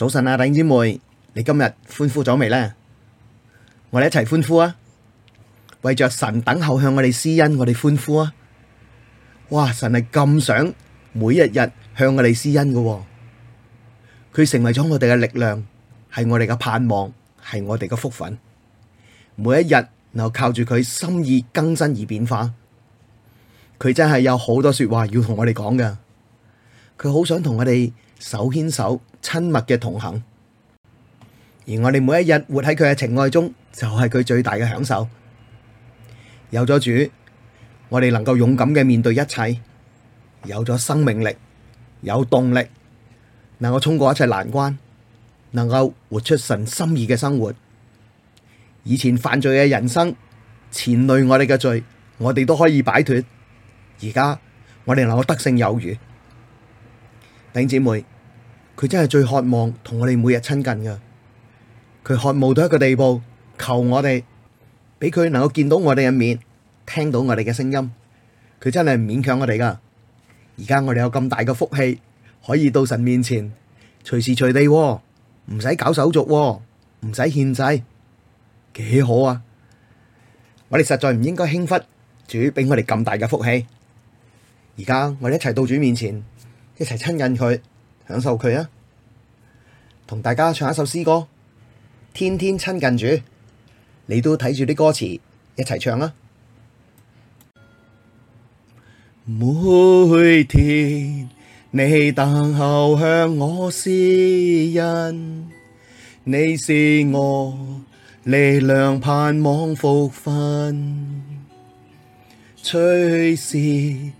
早晨啊，弟兄姊妹，你今日歡呼咗未呢？我哋一齊歡呼啊！為着神等候向我哋施恩，我哋歡呼啊！哇，神係咁想每一日向我哋施恩噶、哦，佢成為咗我哋嘅力量，係我哋嘅盼望，係我哋嘅福分。每一日，然後靠住佢心意更新而變化，佢真係有好多說話要同我哋講噶。佢好想同我哋手牽手。親密嘅同行，而我哋每一日活喺佢嘅情愛中，就係、是、佢最大嘅享受。有咗主，我哋能夠勇敢嘅面對一切，有咗生命力，有動力，能夠衝過一切難關，能夠活出神心意嘅生活。以前犯罪嘅人生，牽累我哋嘅罪，我哋都可以擺脫。而家我哋能夠得勝有餘，弟兄姊妹。佢真係最渴望同我哋每日親近噶，佢渴慕到一個地步，求我哋俾佢能夠見到我哋嘅面，聽到我哋嘅聲音。佢真係唔勉強我哋噶。而家我哋有咁大嘅福氣，可以到神面前，隨時隨地，唔使搞手續，唔使獻祭，幾好啊！我哋實在唔應該輕忽主俾我哋咁大嘅福氣。而家我哋一齊到主面前，一齊親近佢。享受佢啊！同大家唱一首詩歌，天天親近主，你都睇住啲歌詞一齊唱啦。每天你等候向我施恩，你是我力量，盼望，福分，隨時。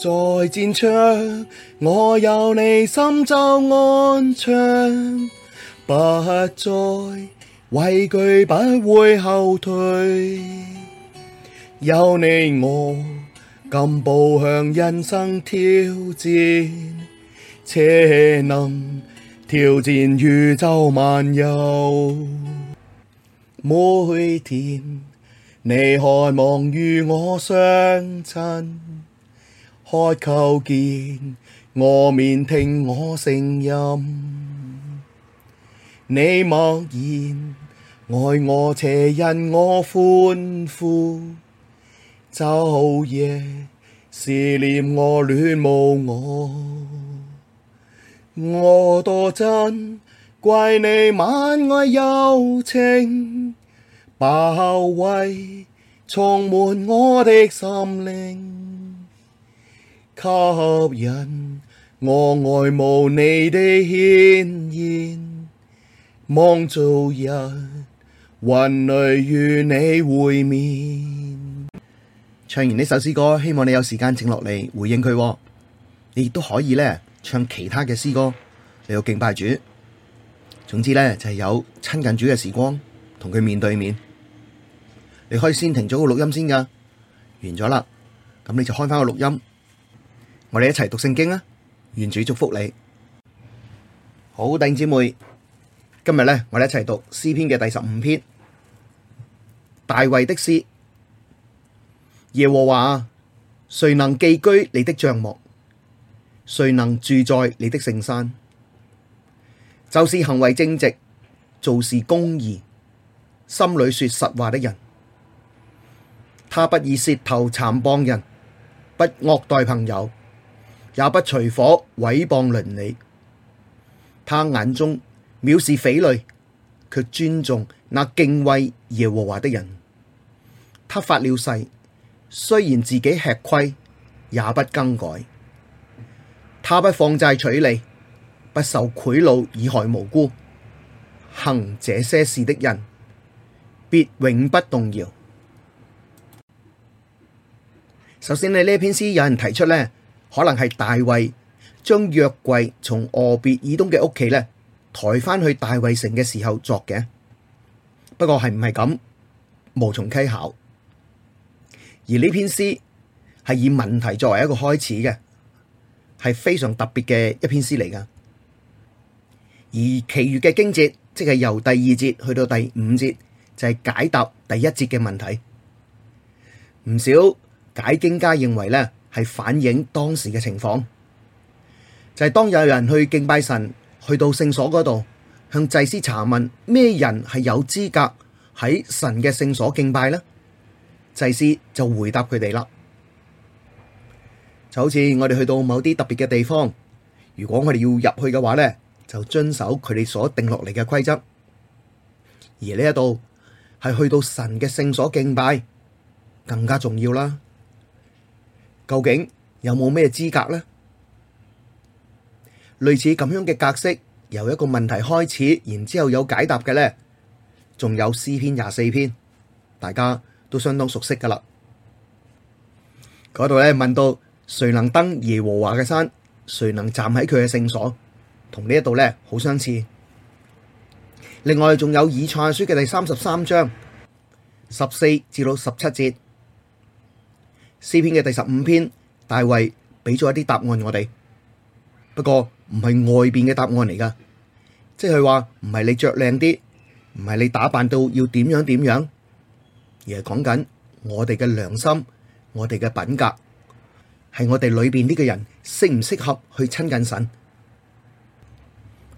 在戰場，我有你心就安詳，不再畏懼，不會後退。有你我，敢步向人生挑戰，且能挑戰宇宙萬有。每天，你渴望與我相親。渴求見，我面聽我聲音，你默然愛我且因我歡呼，晝夜思念我，戀慕我，我多珍貴你萬愛柔情包圍，充滿我的心靈。吸引我愛慕你的顯現，望早日雲裡與你會面。唱完呢首詩歌，希望你有時間靜落嚟回應佢。你亦都可以咧唱其他嘅詩歌嚟到敬拜主。總之咧就係、是、有親近主嘅時光，同佢面對面。你可以先停咗個錄音先噶，完咗啦，咁你就開翻個錄音。我哋一齊讀聖經啊！願主祝福你。好，弟兄姐妹，今日咧，我哋一齊讀詩篇嘅第十五篇，大衛的詩。耶和華啊，誰能寄居你的帳幕？誰能住在你的聖山？就是行為正直、做事公義、心裡說實話的人，他不以舌頭讒謗人，不惡待朋友。也不隨夥毀謗鄰里，他眼中藐視匪類，却尊重那敬畏耶和華的人。他發了誓，雖然自己吃虧，也不更改。他不放債取利，不受賄賂以害無辜。行這些事的人，必永不動搖。首先你呢篇詩有人提出呢。可能係大衛將約櫃從俄別以東嘅屋企呢抬翻去大衛城嘅時候作嘅，不過係唔係咁，無從稽考。而呢篇詩係以問題作為一個開始嘅，係非常特別嘅一篇詩嚟噶。而其餘嘅經節，即係由第二節去到，到第五節，就係、是、解答第一節嘅問題。唔少解經家認為呢。係反映當時嘅情況，就係當有人去敬拜神，去到聖所嗰度，向祭司查問：「咩人係有資格喺神嘅聖所敬拜呢？」祭司就回答佢哋啦。就好似我哋去到某啲特別嘅地方，如果我哋要入去嘅話呢，就遵守佢哋所定落嚟嘅規則。而呢一度係去到神嘅聖所敬拜，更加重要啦。究竟有冇咩資格呢？類似咁樣嘅格式，由一個問題開始，然之後有解答嘅呢。仲有詩篇廿四篇，大家都相當熟悉噶啦。嗰度咧問到，誰能登耶和華嘅山，誰能站喺佢嘅聖所？同呢一度咧好相似。另外仲有以賽亞書嘅第三十三章十四至到十七節。詩篇嘅第十五篇，大衛俾咗一啲答案我哋，不過唔係外邊嘅答案嚟㗎，即係話唔係你着靚啲，唔係你打扮到要點樣點樣，而係講緊我哋嘅良心，我哋嘅品格，係我哋裏邊呢個人適唔適合去親近神。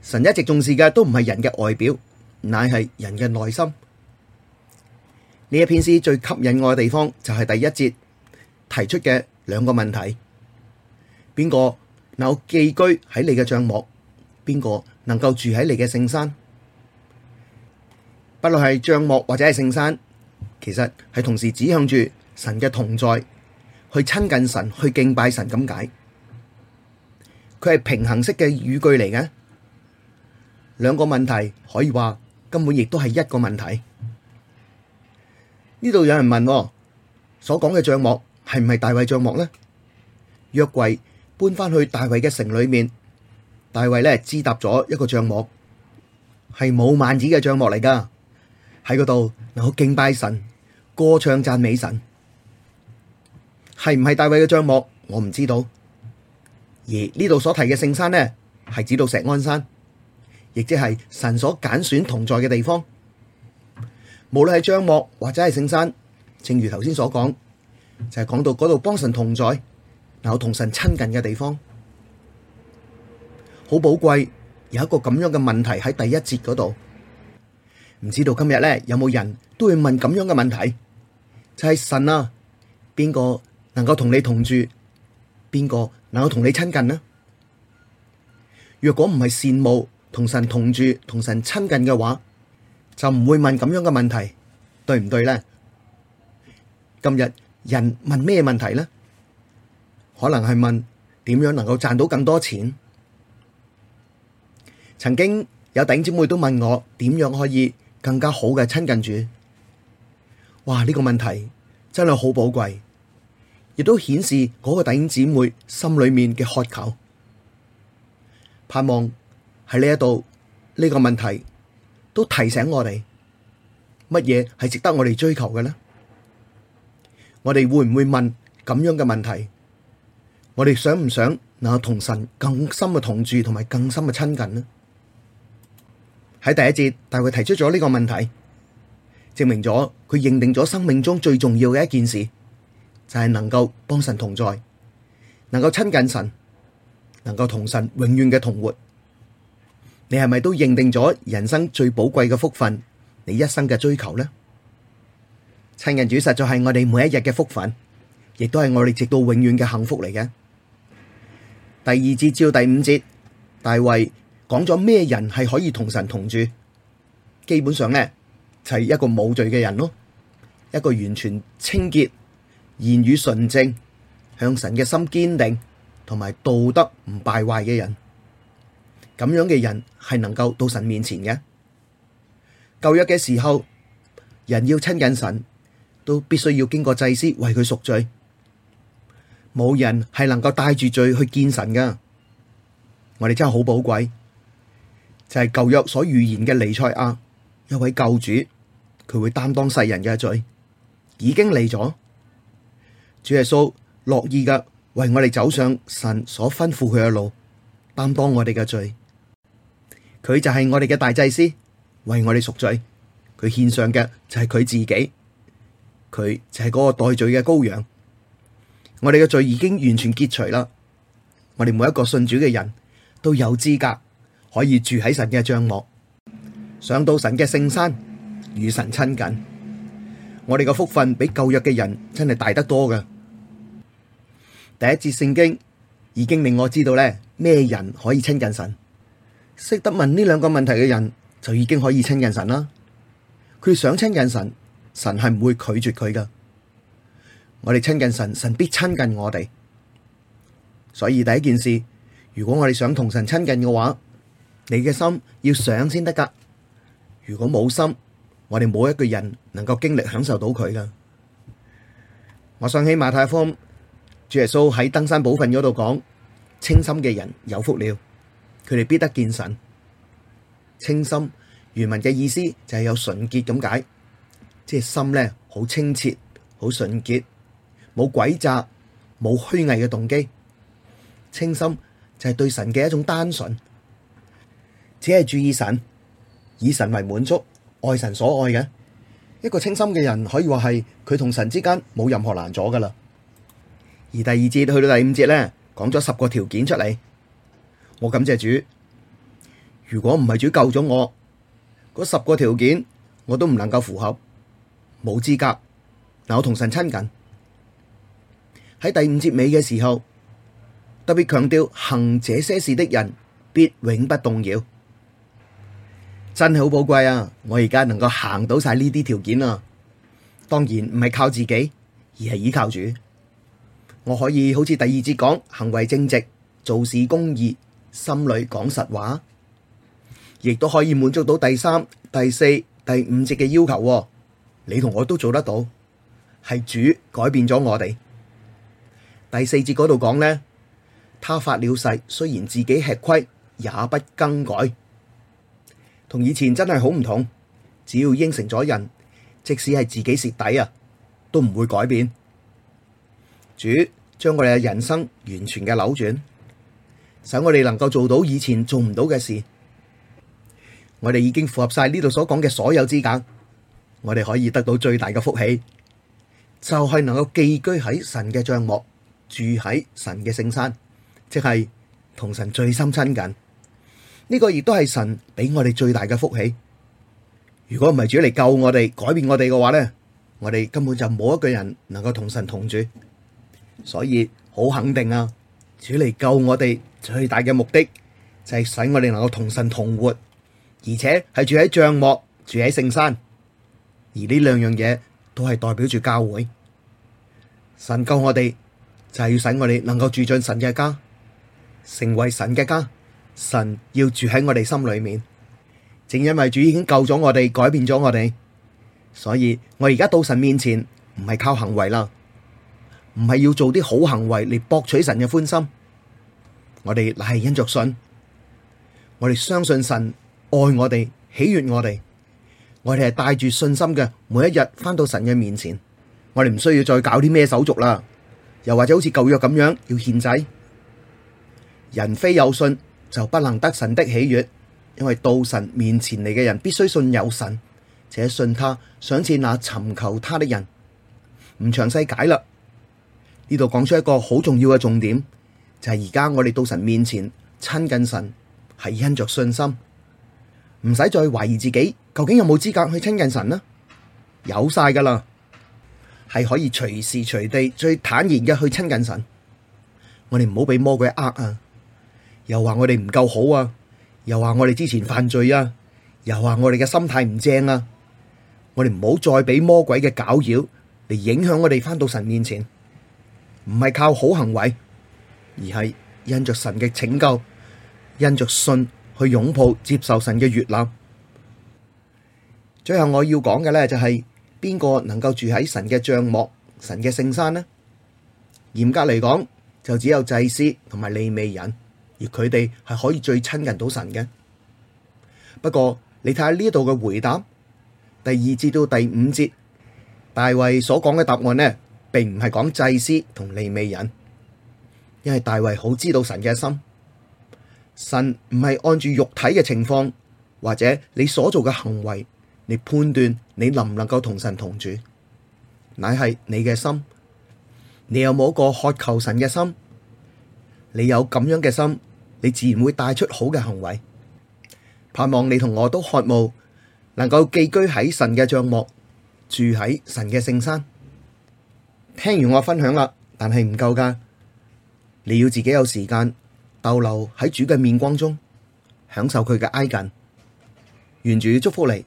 神一直重視嘅都唔係人嘅外表，乃係人嘅內心。呢一篇詩最吸引我嘅地方就係第一節。提出嘅兩個問題：邊個能寄居喺你嘅帳幕？邊個能夠住喺你嘅聖山？不論係帳幕或者係聖山，其實係同時指向住神嘅同在，去親近神，去敬拜神咁解。佢係平衡式嘅語句嚟嘅，兩個問題可以話根本亦都係一個問題。呢度有人問，所講嘅帳幕。係唔係大衛帳幕咧？約櫃搬翻去大衛嘅城裏面，大衛咧支搭咗一個帳幕，係冇幔子嘅帳幕嚟噶，喺嗰度我好敬拜神，歌唱讚美神。係唔係大衛嘅帳幕？我唔知道。而呢度所提嘅聖山呢，係指到錫安山，亦即係神所揀選同在嘅地方。無論係帳幕或者係聖山，正如頭先所講。就係講到嗰度幫神同在，嗱，我同神親近嘅地方好寶貴。有一個咁樣嘅問題喺第一節嗰度，唔知道今日咧有冇人都會問咁樣嘅問題，就係、是、神啊，邊個能夠同你同住，邊個能夠同你親近呢？若果唔係羨慕同神同住、同神親近嘅話，就唔會問咁樣嘅問題，對唔對咧？今日。人問咩問題呢？可能係問點樣能夠賺到更多錢？曾經有頂姊妹都問我點樣可以更加好嘅親近主。哇！呢個問題真係好寶貴，亦都顯示嗰個頂姊妹心裏面嘅渴求、盼望。喺呢一度，呢個問題都提醒我哋乜嘢係值得我哋追求嘅呢？我哋會唔會問咁樣嘅問題？我哋想唔想能夠同神更深嘅同住同埋更深嘅親近呢？喺第一節，大衛提出咗呢個問題，證明咗佢認定咗生命中最重要嘅一件事，就係能夠幫神同在，能夠親近神，能夠同神永遠嘅同活。你係咪都認定咗人生最寶貴嘅福分？你一生嘅追求呢？親近主實在係我哋每一日嘅福分，亦都係我哋直到永遠嘅幸福嚟嘅。第二節照第五節，大衛講咗咩人係可以同神同住？基本上咧，就係一個無罪嘅人咯，一個完全清潔、言語純正、向神嘅心堅定，同埋道德唔敗壞嘅人。咁樣嘅人係能夠到神面前嘅。舊約嘅時候，人要親近神。都必須要經過祭司為佢贖罪，冇人係能夠帶住罪去見神噶。我哋真係好寶貴，就係舊約所預言嘅彌賽亞一位救主，佢會擔當世人嘅罪，已經嚟咗。主耶穌樂意嘅為我哋走上神所吩咐佢嘅路，擔當我哋嘅罪。佢就係我哋嘅大祭司，為我哋贖罪。佢獻上嘅就係佢自己。佢就係嗰個代罪嘅羔羊，我哋嘅罪已經完全結除啦。我哋每一個信主嘅人都有資格可以住喺神嘅帳幕，上到神嘅聖山，與神親近。我哋嘅福分比舊約嘅人真係大得多㗎。第一節聖經已經令我知道咧咩人可以親近神，識得問呢兩個問題嘅人，就已經可以親近神啦。佢想親近神。神係唔會拒絕佢噶，我哋親近神，神必親近我哋。所以第一件事，如果我哋想同神親近嘅話，你嘅心要想先得噶。如果冇心，我哋冇一個人能夠經歷享受到佢噶。我想起馬太福音主耶穌喺登山寶訓嗰度講，清心嘅人有福了，佢哋必得見神。清心原文嘅意思就係有純潔咁解。即係心咧，好清澈、好純潔，冇詭詐、冇虛偽嘅動機。清心就係對神嘅一種單純，只係注意神，以神為滿足，愛神所愛嘅一個清心嘅人，可以話係佢同神之間冇任何難阻噶啦。而第二節去到第五節咧，講咗十個條件出嚟，我感謝主，如果唔係主救咗我，嗰十個條件我都唔能夠符合。冇資格嗱，我同神親近。喺第五節尾嘅時候，特別強調行這些事的人必永不動搖，真係好寶貴啊！我而家能夠行到晒呢啲條件啊，當然唔係靠自己，而係依靠主。我可以好似第二節講，行為正直，做事公義，心裏講實話，亦都可以滿足到第三、第四、第五節嘅要求啊。你同我都做得到，係主改變咗我哋。第四節嗰度講呢，「他發了誓，雖然自己吃虧，也不更改。」同以前真係好唔同，只要應承咗人，即使係自己蝕底啊，都唔會改變。主將我哋嘅人生完全嘅扭轉，使我哋能夠做到以前做唔到嘅事。我哋已經符合晒呢度所講嘅所有資格。我哋可以得到最大嘅福氣，就係能夠寄居喺神嘅帳幕，住喺神嘅聖山，即係同神最深親近。呢個亦都係神俾我哋最大嘅福氣。如果唔係主嚟救我哋、改變我哋嘅話呢，我哋根本就冇一個人能夠同神同住。所以好肯定啊，主嚟救我哋最大嘅目的，就係使我哋能夠同神同活，而且係住喺帳幕，住喺聖山。而呢兩樣嘢都係代表住教會，神救我哋就係要使我哋能夠住進神嘅家，成為神嘅家。神要住喺我哋心裏面，正因為主已經救咗我哋，改變咗我哋，所以我而家到神面前唔係靠行為啦，唔係要做啲好行為嚟博取神嘅歡心，我哋乃係因着信，我哋相信神愛我哋，喜悦我哋。我哋係帶住信心嘅，每一日返到神嘅面前，我哋唔需要再搞啲咩手續啦，又或者好似舊約咁樣要獻祭。人非有信就不能得神的喜悅，因為到神面前嚟嘅人必須信有神，且信他，賞賜那尋求他的人。唔詳細解啦，呢度講出一個好重要嘅重點，就係而家我哋到神面前親近神係因着信心。唔使再懷疑自己，究竟有冇資格去親近神呢？有晒噶啦，係可以隨時隨地最坦然嘅去親近神。我哋唔好俾魔鬼呃啊，又話我哋唔夠好啊，又話我哋之前犯罪啊，又話我哋嘅心態唔正啊。我哋唔好再俾魔鬼嘅攪擾嚟影響我哋翻到神面前，唔係靠好行為，而係因着神嘅拯救，因着信。去擁抱接受神嘅悅納。最後我要講嘅呢，就係邊個能夠住喺神嘅帳幕、神嘅聖山呢？嚴格嚟講，就只有祭司同埋利未人，而佢哋係可以最親近到神嘅。不過你睇下呢度嘅回答，第二至到第五節，大衛所講嘅答案呢，並唔係講祭司同利未人，因為大衛好知道神嘅心。神唔係按住肉體嘅情況，或者你所做嘅行為嚟，判斷你能唔能夠同神同住，乃係你嘅心。你有冇一個渴求神嘅心？你有咁樣嘅心，你自然會帶出好嘅行為。盼望你同我都渴慕，能夠寄居喺神嘅帳幕，住喺神嘅聖山。聽完我分享啦，但係唔夠㗎，你要自己有時間。逗留喺主嘅面光中，享受佢嘅挨近，願主祝福你。